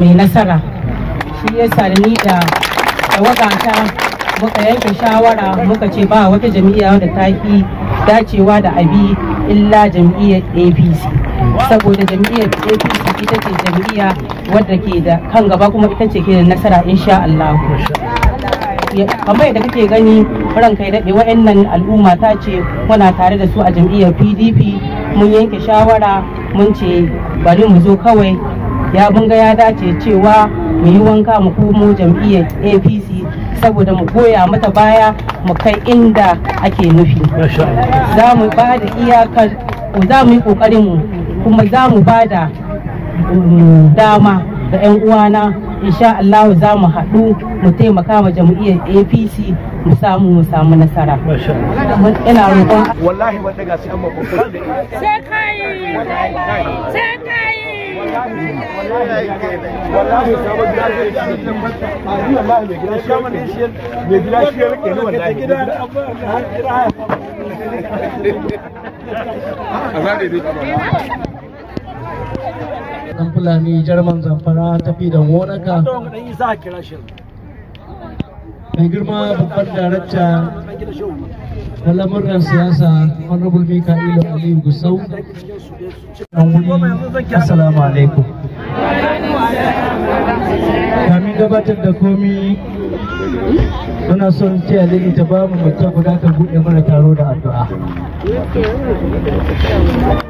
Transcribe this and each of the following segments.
mai nasara shi ya da ni da tawagata muka yanke shawara muka ce ba wata jam'iyya wadda ta fi dacewa da abi illa jam'iyyar apc saboda jam'iyyar apc ita ce jam'iyya wadda ke da kan gaba kuma ita ce ke da nasara insha Allah kamar yadda kake gani ran kai daɗe wa'annan al'umma ta ce muna tare da su a jam'iyyar pdp mun yanke shawara mun ce bari mu zo kawai ya bunga ya dace cewa mu yi wanka mu komo jam'iyyar apc saboda mu goya mata baya mu kai inda ake nufi za mu ba da iyakar za mu yi kokarin mu kuma za mu ba da mm, dama ga 'yan uwana insha Allah za mu haɗu mu taimaka ma jam'iyyar APC mu samu mu samu nasara ina roƙon wallahi wanda ga an sai kai sai kai wallahi wallahi wallahi dan fulani jarman zamfara tafi da wonaka. mai girma babban darakta na lamuran siyasa honorable mika'ilu aliyu gusau dan wuri assalamu alaikum kamin gabatar da komi muna son tiya lili ta ba bamu mutum guda ka buɗe mana taro da addu'a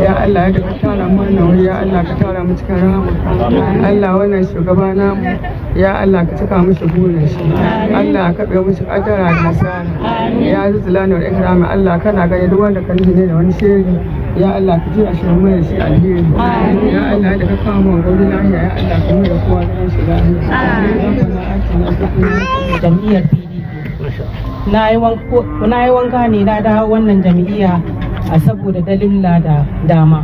ya Allah ya ka tara mu wannan wuri ya Allah ka tara mu cikin rahama Allah wannan shugaba namu ya Allah ka cika mishi burin shi Allah ka bai mishi kadara da nasara ya zuzula ne wa ikrami Allah kana gani duk wanda ka nufi ne da wani shiri ya Allah ka ji a shirin mai shi alheri ya Allah da ka kama mu wani ya Allah ka mu da kowa da shi lafiya jam'iyyar PDP na yi wanka ne na dawo wannan jam'iyya a saboda dalila da dama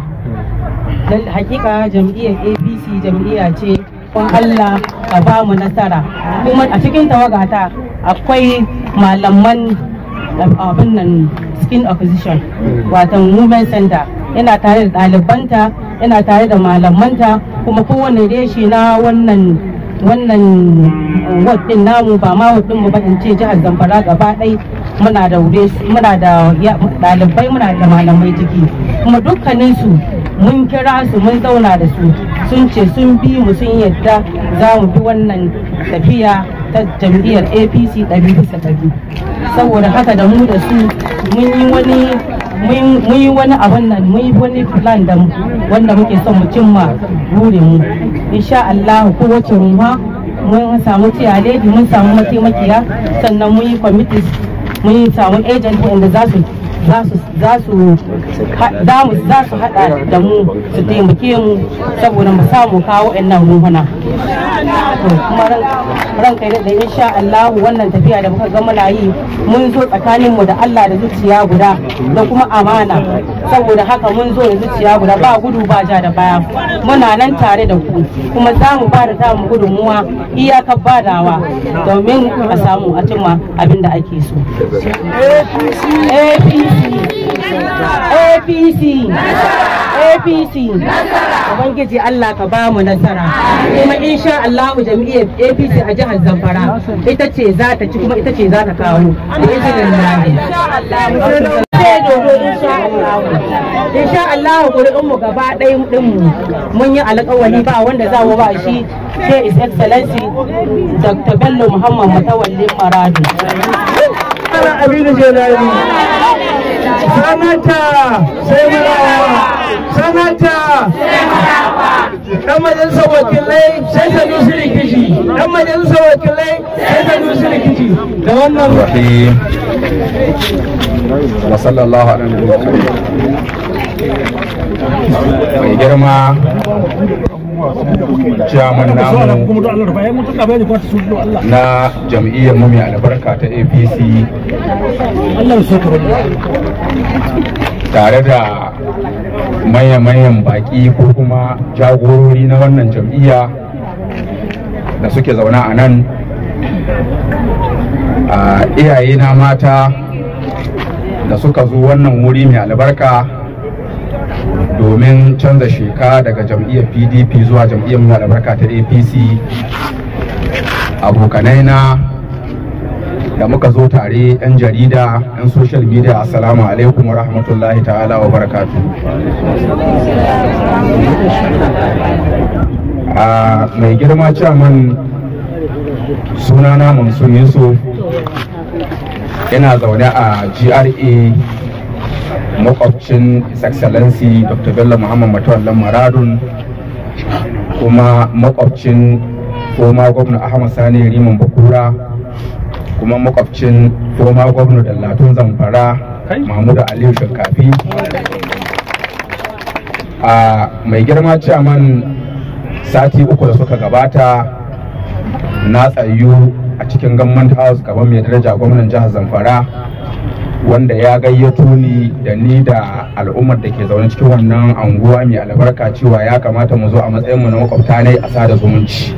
dan hakika jam'iyyar apc jam'iyya ce kun allah ka ba mu nasara kuma a cikin tawagata akwai malaman abin nan skin opposition watan women center yana tare da ɗalibanta yana tare da malamanta kuma kowane reshi na wannan wannan namu ba ma ɗinmu mu ba in ce jihar zamfara gaba ɗaya muna da muna da dalibai muna da malamai ciki kuma dukkaninsu mun kira su mun zauna da su sun ce sun bi mu sun yadda za mu bi wannan tafiya ta jam'iyyar apc ɗari bisa ɗari saboda haka da mu da su mun yi wani mun yi wani abin nan mun yi wani plan da wanda muke son mu cimma burin mu insha Allah wace ruwa mun samu tiyaledi mun samu mataimakiya sannan mun yi committee mun samu agent wanda za su za su haɗa da mu su taimake mu saboda mu samu kawo nan ruhuna kuma ranka da insha Allah wannan tafiya da muka ga muna yi mun zo tsakanin mu da Allah da zuciya guda da kuma amana saboda haka mun zo da zuciya guda ba gudu ba ja da baya muna nan tare da ku kuma za mu ba da za mu gudunmuwa iyakar badawa domin a samu a cimma abin da ake so APC apc apc ubangiji allah ka ba mu nasara kuma insha Allah mu jami'ar apc a jihar zamfara ita ce za ta ci kuma ita ce za ta kawo insha Allah mu gaba ɗaya ɗinmu mun yi alƙawari ba wanda za mu ba shi sai is excellency Dr. Bello Muhammad Mutawalli Maradu. Aminu Jelani. sanata sai mulawa sanata dan majalisar wakilai sai ta nusu rikici dan majalisar wakilai sai ta rikici da wannan wa sallallahu alaihi wa sallam mai girma jaman namu na jam'iyyar mu mai albarka ta apc tare da manya-manyan baki ko kuma jagorori na wannan jam'iyya da suke zaune a nan ah, iyaye na mata da suka zo wannan wuri mai albarka domin canza sheka daga jam'iyyar pdp zuwa jam'iyyar muna da barka ta apc abokanai na da muka zo tare 'yan jarida 'yan social media assalamu alaikum wa rahmatullahi ta'ala wa barakatu a mai girma caman sunana mansun yusuf yana zaune a gra makwabcin his excellency dr bello muhammad matawallan maradun kuma makwabcin koma gwamna ahmad sani riman bakura kuma makwabcin koma gwamna dallatun zamfara mahmudu aliyu shinkafi a mai girma chairman sati uku da suka gabata na tsayu a cikin government house gaban mai daraja gwamnan jihar zamfara wanda ya gayyato ni da ni da al'ummar da ke zaune cikin wannan anguwa mai albarka cewa ya kamata mu zo a matsayin mu na makwabta ne a sada zumunci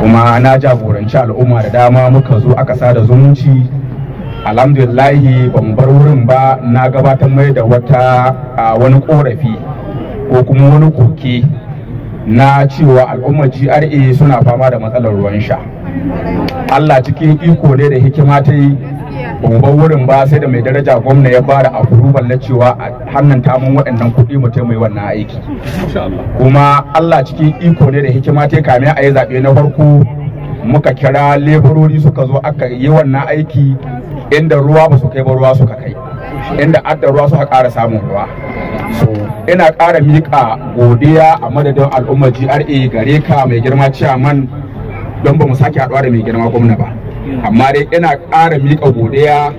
kuma na jagoranci al'umma da dama muka zo aka sada zumunci alhamdulillahi ban bar wurin ba na gabatar mai da wata a wani korafi ko kuma wani koke na cewa al'ummar GRA suna fama da matsalar ruwan sha Allah cikin iko ne da hikima ta yi gobe wurin ba sai da mai daraja gwamna ya fara kurubar na cewa a hannun tamun waɗannan kuɗi mutum mai wannan aiki kuma Allah cikin iko ne da hikima ta kame a yi zaɓe na farko muka kira leburori suka zo aka yi wannan aiki inda ruwa ba su kai ba ruwa suka kai inda adda ruwa suka ƙara samun ruwa ina ƙara miƙa godiya a madadin al'ummar GRA gare ka mai girma ciyaman don ba mu sake haɗuwa da mai girma gwamna ba amma dai ina ƙara miƙa godiya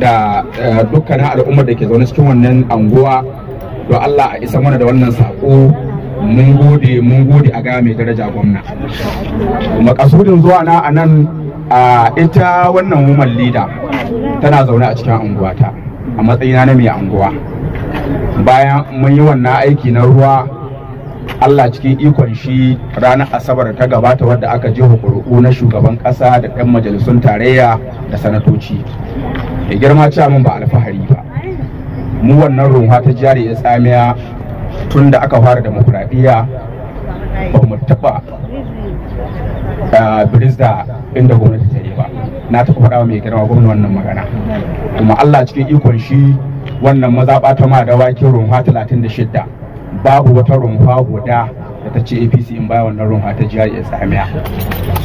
da eh, dukkanin al'ummar da ke zaune cikin wannan anguwa don Allah a isa mana da wannan saƙo mun gode mun gode a gaya mai daraja gwamna makasudin zuwa na a nan a ita wannan woman leader tana zaune a cikin ta. a matsayina na mai anguwa bayan mun yi wannan aiki na ruwa Allah cikin ikon shi ranar Asabar ta gabata wadda aka je kuri'u na shugaban ƙasa da ɗan majalisun tarayya da sanatoci. Da girma min ba alfahari ba. Mu wannan runwa ta jari ya tsamiya tun da aka fara demokuraɗiyya ba mu taɓa birista inda gwamnati ta ba. Na taɓa faɗa mai girma gwamnati wannan magana. Kuma Allah cikin ikon shi wannan mazaɓa ta ma da wakin runwa talatin da shidda. babu wata rumfa guda da ta ce apc in baya wannan rumfa ta jihar islamiya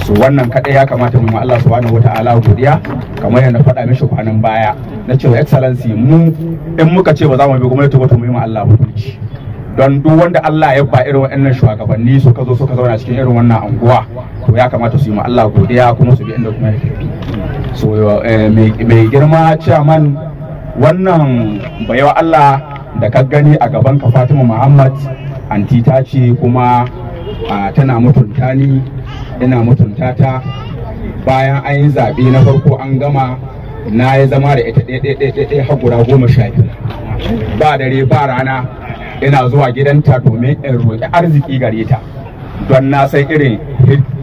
so wannan kadai ya kamata mu Allah subhanahu wata'ala godiya kamar yadda faɗa mishi kwanan baya na cewa excellency mu in muka ce ba za mu bi gwamnati ba to mu yi ma Allah hukunci don duk wanda Allah ya ba irin wannan shugabanni ka zo suka zauna cikin irin wannan anguwa to ya kamata su yi ma Allah godiya kuma su bi inda kuma ya so eh, mai girma chairman wannan bayawa Allah da ka gani a gaban ka fatima muhammad anti ta ce kuma tana mutunta ni ina mutunta ta bayan an yi zaɓe na farko an gama na yi zama da ita ɗaya har guda goma sha ba dare ba rana ina zuwa gidanta domin in roƙi arziki gare ta don na san irin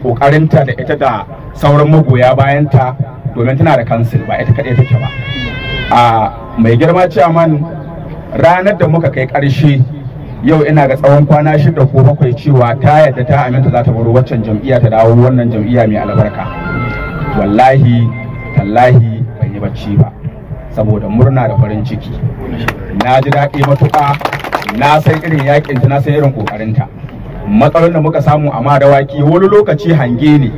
ƙoƙarinta da ita da sauran magoya bayanta domin tana da kansil ba ita kaɗai take ba a mai girma ciyaman ranar da muka kai ƙarshe yau ina ga tsawon kwana shida ko bakwai cewa ta yadda ta aminta za ta baro waccan jam'iyya ta dawo wannan jam'iyya mai albarka wallahi tallahi ban yi bacci ba saboda murna da farin ciki na ji daɗi matuƙa na san irin yakin ta na san irin ƙoƙarinta matsalolin da muka samu a madawaki wani lokaci hange ne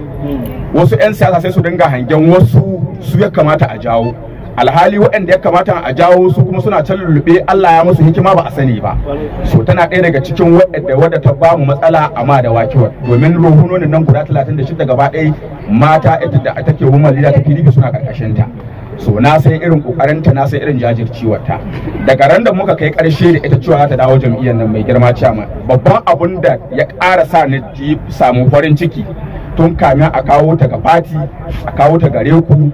wasu 'yan siyasa sai su dinga hangen wasu su ya kamata a jawo alhali waɗanda ya kamata a jawo su kuma suna can lulluɓe Allah ya musu hikima ba a sani ba so tana ɗaya daga cikin waɗanda wadda ta ba mu matsala a ma da wakewa. domin rohunonin nan guda 36 gaba ɗaya mata ita da take woman leader ta PDP suna karkashin ta so na sai irin kokarinta na sai irin ta. daga ran da muka kai karshe da ita cewa ta dawo jam'iyyar nan mai girma ciyama babban abun da ya ƙara sa ni samu farin ciki tun kamin a kawo ta ga fati a kawo ta gare ku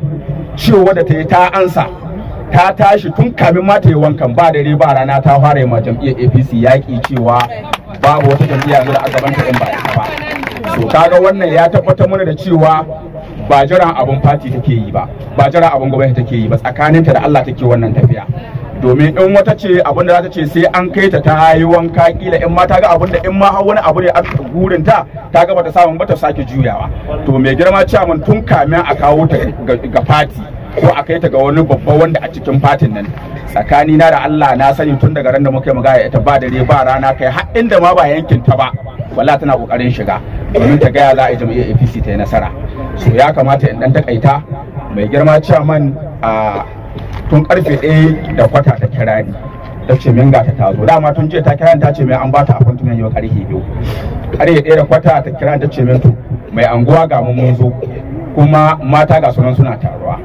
cewa da ta yi ta ansa ta tashi tun kamin ma ta yi wankan ba dare ba rana ta fara yi ma jam'iyyar apc yaƙi cewa babu wata jam'iyya yanzu da a gabanta in ba ita ba so kaga wannan ya tabbatar mana da cewa ba jiran abun fati take yi ba ba jiran abun gwamnati take yi ba tsakaninta da Allah take wannan tafiya domin in wata ce abinda za ta ce sai an kai ta ta yi wanka kila in ma ta ga abinda in ma wani abu ne a gurin ta ta ga bata samu bata sake juyawa to mai girma mun tun kamin a kawo ta ga fati ko a kai ta ga wani babba wanda a cikin fatin nan tsakani na da Allah na sani tun daga ran da muka yi magana ita ba dare ba rana kai har inda ma ba yankin ta ba walla tana kokarin shiga domin ta gaya za a yi APC ta yi nasara so ya kamata in dan takaita mai girma cewa a ah, tun karfe ɗaya da kwata ta kira ne. ta ce min gata ta zo dama tun jiya ta kira ta ce mai an bata appointment yau karfe biyu karfe ɗaya da kwata ta kira ta ce min to mai anguwa ga mun mun zo kuma mata ga sunan suna taruwa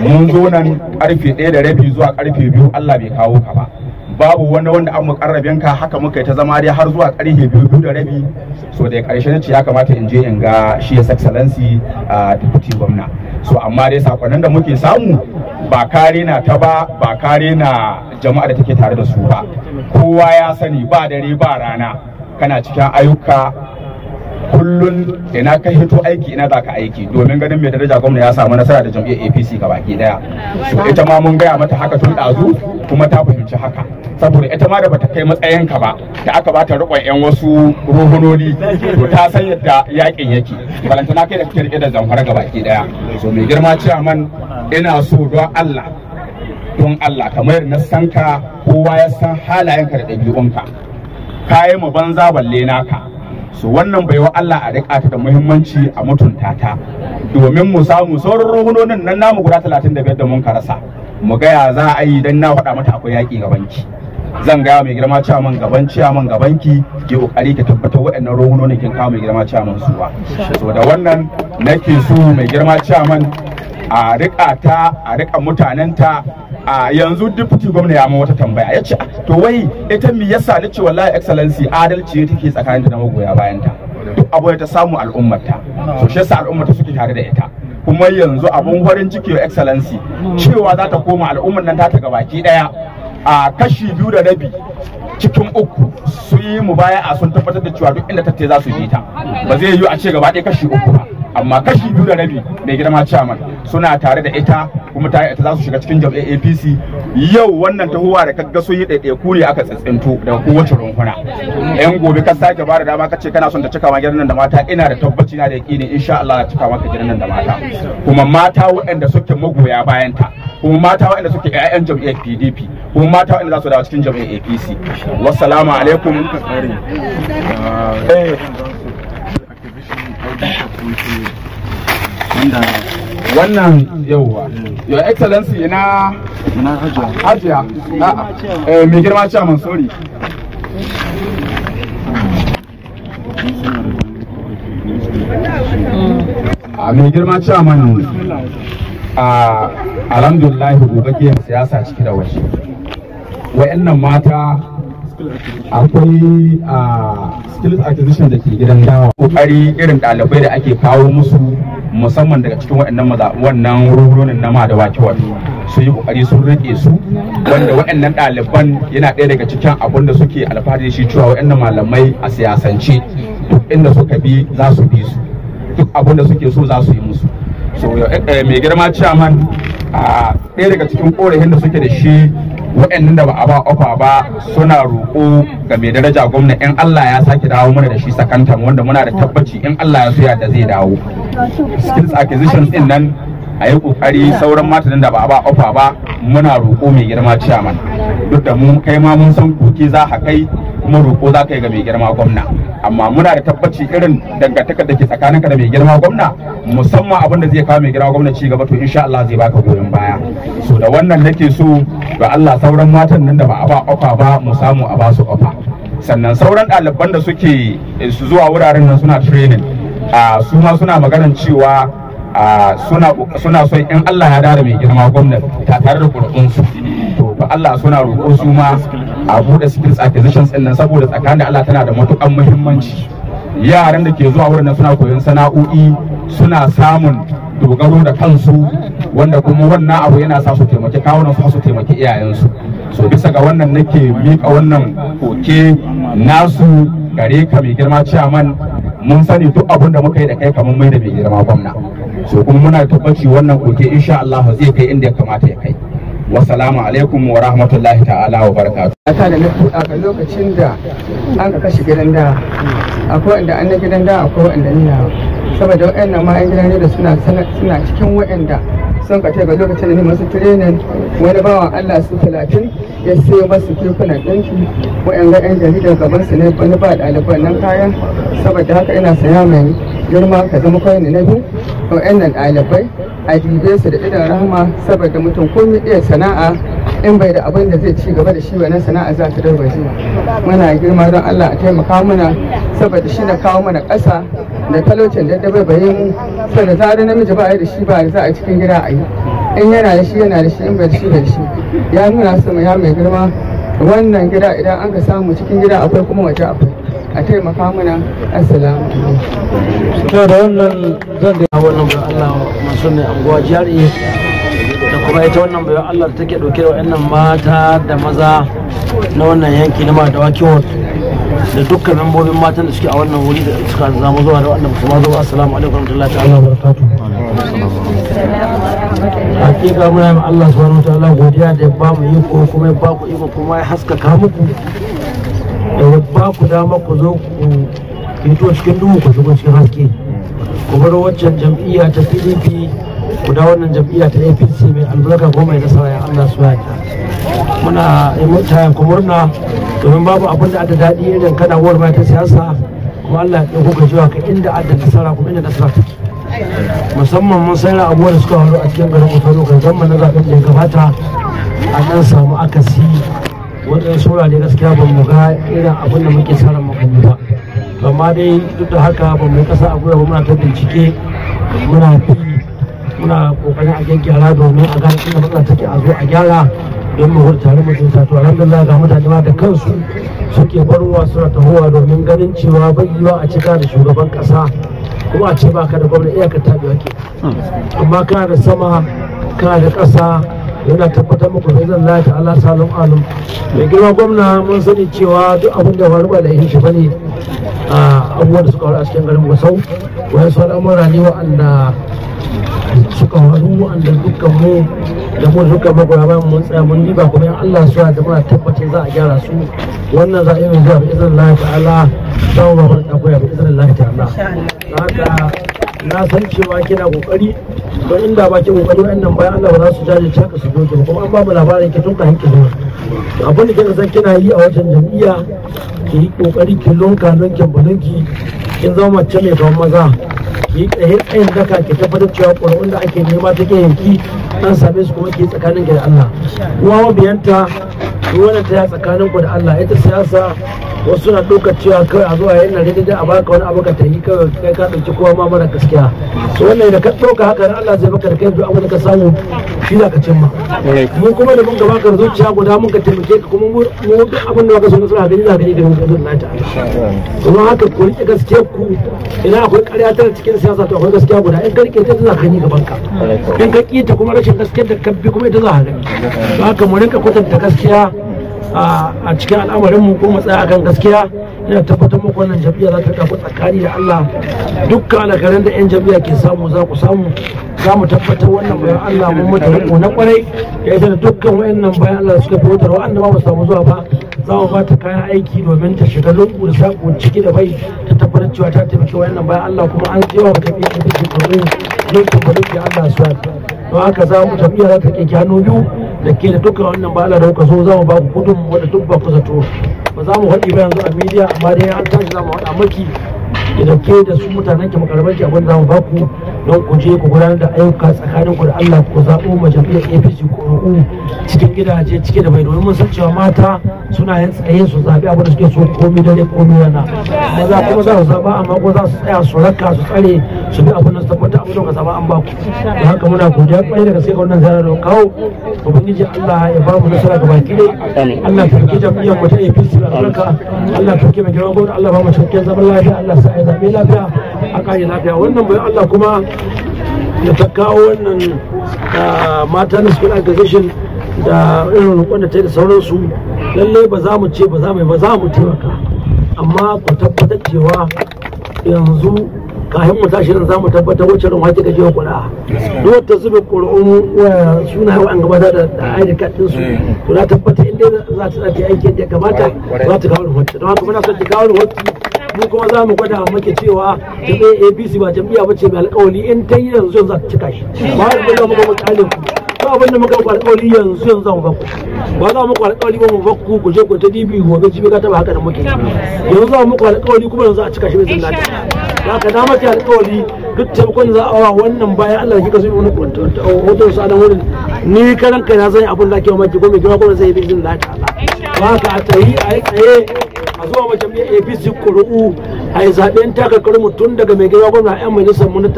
mun zo nan karfe ɗaya da rabi zuwa karfe biyu Allah bai kawo ka ba babu wani wanda an mukarrabin ka haka muka ta zama dai har zuwa karfe biyu biyu da rabi so da karshe ne ya kamata in je in ga shi ya excellency a ah, deputy gwamna so amma dai sakonnin da muke samu ba kare na ta ba ba kare na jama'a da take tare da su ba kowa ya sani ba dare ba rana kana cikin ayyuka kullun ina kai hito aiki ina za ka aiki domin ganin mai daraja gwamna ya samu nasara da jam'iyyar apc ga baki daya so ita ma mun gaya mata haka tun dazu kuma ta fahimci haka saboda ita ma da bata kai matsayin ka ba da aka bata rikon yan wasu ruhunoni to ta san yadda yakin yake balantana kai da kake rike da zamfara ga baki daya so mai girma man ina so don allah don allah kamar na san ka kowa ya san halayenka da ɗabi'unka kayi mu banza balle naka su wannan baiwa Allah a rika ta da muhimmanci a mutunta ta domin mu samu sauran ruhunonin nan namu guda 35 da mun rasa, mu gaya za a yi dan na faɗa mata akwai yaƙi gabanki zan gaya mai girma ciyaman gaban ga gabanki ki kokari ka tabbatar waɗannan ruhunonin kin kawo mai girma cewa man suwa so wannan nake su mai girma man, a rika ta a rika ta. a yanzu deputy gwamna ya ma wata tambaya ya ce to wai ita me yasa ni ce wallahi excellency adalci take tsakanin da magoya bayan ta duk abu ta samu al'ummar ta so shi yasa al'ummar suke tare da ita kuma yanzu abun farin ciki wa excellency cewa za ta koma al'ummar nan ta ga gabaki daya a kashi biyu da rabi cikin uku sun yi mu baya a sun tabbatar da cewa duk inda ta za su ji ta ba zai yiwu a ce gaba ɗaya kashi uku ba amma kashi biyu da rabi mai girma chairman suna tare da ita kuma ta ita za su shiga cikin jam'iyyar APC yau wannan tahowa da kaga sun yi ɗaiɗaiku kuri aka tsintsinto daga kowace runfuna yan gobe ka sake ba da dama ka ce kana son ta cika ma gidan nan da mata ina da tabbaci na da yaƙini insha Allah ta cika maka gidan nan da mata kuma mata waɗanda suke magoya bayan ta kuma mata waɗanda suke ƴaƴan jam'iyyar PDP kuma mata waɗanda za su dawo cikin jam'iyyar APC wassalamu alaikum wannan yauwa your excellency ina ina hajiya ah, eh, mai girma chairman sorry a ah, mai girma chairman a ah, alhamdulillah gobe ke siyasa ciki da waje wa'annan mata akwai a skills acquisition da ke gidan dawa kokari irin dalibai da ake kawo musu musamman daga cikin waɗannan wannan rurunin na ma da wake su yi kokari sun rike su wanda waɗannan ɗaliban yana ɗaya daga cikin abin da suke alfahari shi cewa waɗannan malamai a siyasance duk inda suka bi za su bi su duk abin da suke so za su yi musu so eh, eh, mai girma chairman a ɗaya daga cikin korafin da suke da shi waɗannan da ba a ba ofa ba suna roƙo ga mai daraja gwamna in Allah ya sake dawo mana da shi sakantan wanda muna da tabbaci in Allah ya soya da zai dawo skills acquisitions din nan a yi ƙoƙari sauran matanin da ba a ba ofa ba muna roƙo mai girma ciyaman duk da mu kai ma mun san koke za ka kai kuma roƙo za ka yi ga mai girma gwamna amma muna da tabbaci irin dangantakar da ke tsakaninka da mai girma gwamna musamman abin da zai kawo mai girma gwamna cigaba gaba to insha Allah zai baka goyon baya so da wannan nake so ga Allah sauran matan nan da ba a ba ofa ba mu samu a ba su ofa sannan sauran ɗaliban da suke eh, su zuwa wuraren nan suna training a ah, su ma suna maganar cewa ah, suna son in Allah ya dara mai girma gwamna ta tare da ƙuri'unsu to Allah suna roƙo su ma a buɗe skills acquisitions ɗin nan saboda tsakanin da Allah tana da matuƙar muhimmanci yaran da ke zuwa wurin suna koyon sana'o'i suna samun dogaro da kansu wanda kuma wannan abu yana sa su taimaki kawunan su su taimaki iyayensu so bisa ga wannan nake miƙa wannan koke nasu gare ka mai girma ciyaman mun sani duk abin da muka yi da kai kamar mai da mai girma gwamna so kuma muna tabbaci wannan koke insha Allah zai kai inda ya kamata ya kai wasalamu alaikum wa rahmatullahi ta'ala wa barakatu. ta da na tuɗa ga lokacin da an ka kashe gidan da akwai wanda an na gidan da akwai wanda ni na saboda wa'yan ma an gidan da suna suna cikin da sun ka ga lokacin da ni masu tirenin wani bawan Allah su talatin ya sayo masu kekunan ɗinki ga 'yan jaridar gaban su ne wani ba ɗaliban nan kayan saboda haka ina saya mai girma ka zama kawai na biyu waɗannan ɗalibai a dibe su da idan rahama saboda mutum komai iya sana'a in bai da abin da zai ci gaba da shi wannan sana'a za ta darbaje muna girma don Allah a taimaka mana saboda shi na kawo mana ƙasa da talaucin da dabe baye mu saboda zara namiji ba da shi ba za a cikin gida a yi in yana da shi yana da shi in bai da shi da shi ya nuna sama ya mai girma wannan gida idan an ka samu cikin gida akwai kuma waje akwai a taimaka mana assalamu to da wannan zan da wannan ba Allah masu ne anguwa jari da kuma ita wannan bayan Allah da take dauke da wayannan mata da maza na wannan yanki na da wakiwar da dukkan membobin matan da suke a wannan wuri da suka zama zuwa da wannan kuma zuwa assalamu alaikum warahmatullahi ta'ala barakatuh hakika muna yi Allah subhanahu wa ta'ala godiya da ya ba mu iko kuma ya ba ku iko kuma ya haskaka muku da ba ku dama ku zo ku fito cikin duhu ku shigo cikin haske ku bar waccan jam'iyya ta pdp ku da wannan jam'iyya ta apc mai albarka ko mai nasara ya allah su yaki muna mutayen mutane ku murna domin babu abin da ada daɗi irin kada war ta siyasa kuma allah ya ɗauko gajiwa ka inda adda nasara kuma inda nasara take musamman mun sai abubuwan da suka faru a cikin garin mutane kan zama na zaɓen da ya gabata a nan samu akasi waɗansu wurare gaskiya ba mu ga irin abin da muke sa mu gani ba amma dai duk da haka ba mu kasa a gwiwa muna ta bincike muna fi muna kokarin a gyaggyara domin a gane inda matsala take a zo a gyara don mu hurta mu mutum sa to alhamdulillah ga mutane ma da kansu suke barowa suna tahowa domin ganin cewa bai a cika da shugaban kasa kuma a ce baka da gwamnati iyakar tabiwa ke amma kana da sama kana da kasa yana tabbatar muku da lafi Allah salam alum mai girma gwamna mun sani cewa duk abin da faru ba da yin shi bane a abubuwan da suka faru a cikin garin Gusau wani su al'amura ne wa'anda suka faru wa'anda dukkan mu da mu suka magoya bayan mun tsaya mun ba kuma in Allah su ya jama'a tabbace za a gyara su wannan za a yi zuwa bi izan Allah ta'ala za mu ba mu da koya bi izan Allah ta'ala na san cewa kina kokari don inda ba ki kokari wannan bayan Allah ba za su jaje ka su goge kuma an ba mu labarin ki tunka kafin ki abin da kika san kina yi a wajen jam'iyya ki yi kokari ki lonka don kyambalin ki kin zama mace mai ban maza ki yi tsaye tsayin daka ki tabbatar cewa ƙwararrun da ake nema take yanki an same su kuma ke tsakanin ki Allah kuma biyanta. duk wani ta tsakanin ku da Allah ita siyasa wasu suna ɗaukar cewa kawai a zuwa yayin na daidai a baka wani abu ka ta yi kawai kai ka ɗauki kowa ma mara gaskiya to wannan da ka ɗauka haka da Allah zai baka da kai duk abu da ka samu shi za ka cimma mu kuma da mun gaba ka zuciya guda mun ka taimake ka kuma mu duk abin da baka so nasara gani za ka yi da mun gudun nata kuma haka ku riƙe gaskiya ku ina akwai ƙarya ta cikin siyasa to akwai gaskiya guda in ka riƙe ta za ka yi gaban ka in ka ƙi ta kuma rashin gaskiya da ka bi kuma ita za ka gani haka mu rinka kwatanta gaskiya a cikin al'amarin mu ko matsaya akan gaskiya ina tabbatar muku wannan jam'iyya za ta kafa tsakani da Allah dukkan alakaran da yan jam'iyya ke samu za ku samu za mu tabbatar wannan bayan Allah mun mutu riko na kwarai ya yi da dukkan wayannan bayan Allah suka fi wutar annaba ba samu zuwa ba za mu ba ta kayan aiki domin ta shiga lungu da saƙo ciki da bai ta tabbatar cewa ta taimaki wayannan bayan Allah kuma an tsewa ba tafiya ta fi domin lokacin da Allah su don haka za mu tafiya za ta hannu biyu da ke da dukkan wannan bala da kuka so za mu ba ku kudin wadda duk ba ku zato ba za mu haɗi ba yanzu a media amma dai an tashi za mu haɗa maki da ke da su mutanen ki makarabar ki abin za mu ba ku don ku je ku gudanar da ayyuka tsakanin ku da Allah ku zaɓo majami'ar APC ku roƙo cikin gidaje cike da bai domin mun san cewa mata suna yin tsaye su zaɓi abin da suke so komai dare komai rana maza kuma za su zaɓa amma ko za su tsaya su raka su tsare su bi abin da su tabbata abin da ka zaɓa an ba ku don haka muna godiya kwarai da sai ga wannan zarar da kawo ubangiji Allah ya ba mu nasara ga baki dai Allah ya farke jam'iyyar mu ta APC albarka Allah ya farke mai girma gwamnati Allah ba mu cikakken zaman lafiya Allah sa ya zaɓe lafiya a ƙari lafiya wannan bai Allah kuma da ta kawo wannan mata na school aggregation da irin wanda da ta yi da sauransu lalle ba za mu ce ba za mu yi ba za mu taimaka amma ku tabbatar cewa yanzu kafin mu tashi nan za mu tabbatar wacce ran wake gajiyar kuɗa duk wata zube ƙuri'un suna yawa an gabatar da ainihin kaɗin su mm. to na tabbatar inda za ta aiki yadda ya kamata za ta kawo rahoto don haka muna son ta kawo rahoto mu kuma za mu gwada maka cewa jam'iyyar apc ba jami'a ba ce mai alkawali in ta yi yanzu yanzu ta cika shi ba za mu gwada muka mukalin ba abin da muka alkawali yanzu yanzu mu baku ba za mu muku alkawali ba mu baku ku je ku ta dibi ga jibi ka taba haka da muke yanzu za mu muku alkawali kuma yanzu a cika shi bai zan za ka dama ta alkawali duk taimakon za a wa wannan bayan allah kika so wani hoton su a nan wurin ni karan na zan abun abin da ma mamaki ko mai kuma zai yi bin lati ba ka a tsayi a yi tsaye a zuwa ma jam'iyyar apc kuru'u a yi zaɓen takakar mutum daga mai gina gwamna yan majalisar mu na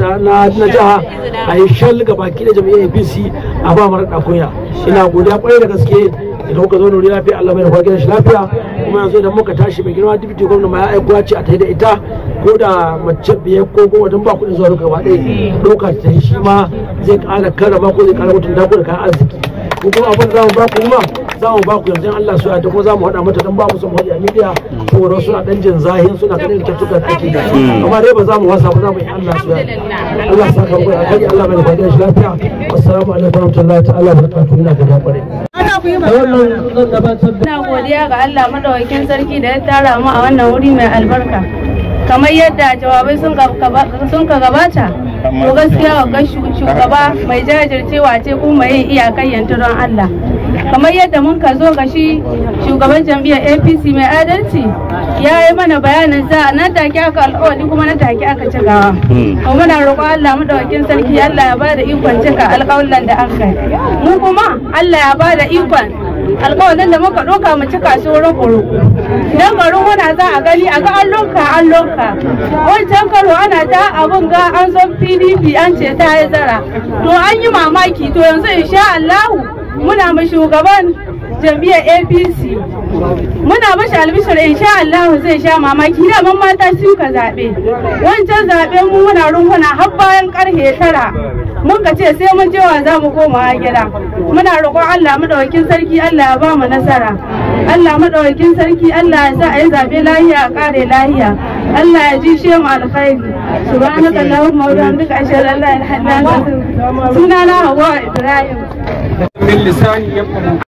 jiha a yi shal ga baki da jam'iyyar apc a ba mara ɗakunya ina godiya kwarai da gaske idan kuka zo da wuri lafiya allah mai da kwakin shi lafiya kuma yanzu idan muka tashi mai girma dibiti gwamna ma ya aiko ce a tafi da ita ko da mace biyar ko goma don ba kuɗin zuwa duka ɗaya ɗauka ta shi ma zai ƙara karama ko zai ƙara mutum da da kayan arziki ko kuma abin da za mu ba za mu ba ku yanzu Allah su yarda kuma za mu haɗa mata don ba mu son a media saboda suna dan jin zahin suna ganin tattuka take da mm. amma dai ba za mu wasa ba za mu yi Allah su yarda Allah saka ku alhaji Allah mai fadiya shi lafiya assalamu alaikum warahmatullahi ta'ala barakatuhu ina gaba kwarai Ina godiya ga Allah madawakin sarki da ya tara mu a wannan wuri mai albarka. Kamar yadda jawabai sun ka gabata, to gaskiya ga shugaba mai jajircewa ce kuma yin iyakan yanturon Allah. kamar yadda mun ka zo ga shi shugaban jam'iyyar apc mai adalci ya yi mana bayanin za a nan take aka alkawari kuma na take aka ci gawa kuma hmm. muna roƙo allah madawakin sarki allah ya bada ikon cika alƙawallan da aka yi mu kuma allah ya bada ikon alƙawallan da muka ɗauka mu cika shi wurin kuru idan garin wana za a gani a ga an lonka an lonka wancan karo ana ta abun ga an zo pdp an ce ta yi zara to an yi mamaki to yanzu insha allahu muna ma shugaban jam'iyyar apc muna shi albishir insha Allah zai sha mamaki da man mata suka zaɓe wancan zaɓe mu muna runguna har bayan karfe tara mun ka ce sai mun wa za mu koma gida muna roƙon Allah madaukakin sarki Allah ya ba mu nasara Allah madaukakin sarki Allah ya sa a yi zaɓe lahiya a ƙare lahiya Allah ya ji shi mu alkhairi subhanaka allahumma wa bihamdika ashhadu an la ilaha illa anta wa atubu ibrahim min lisani ya yafqahu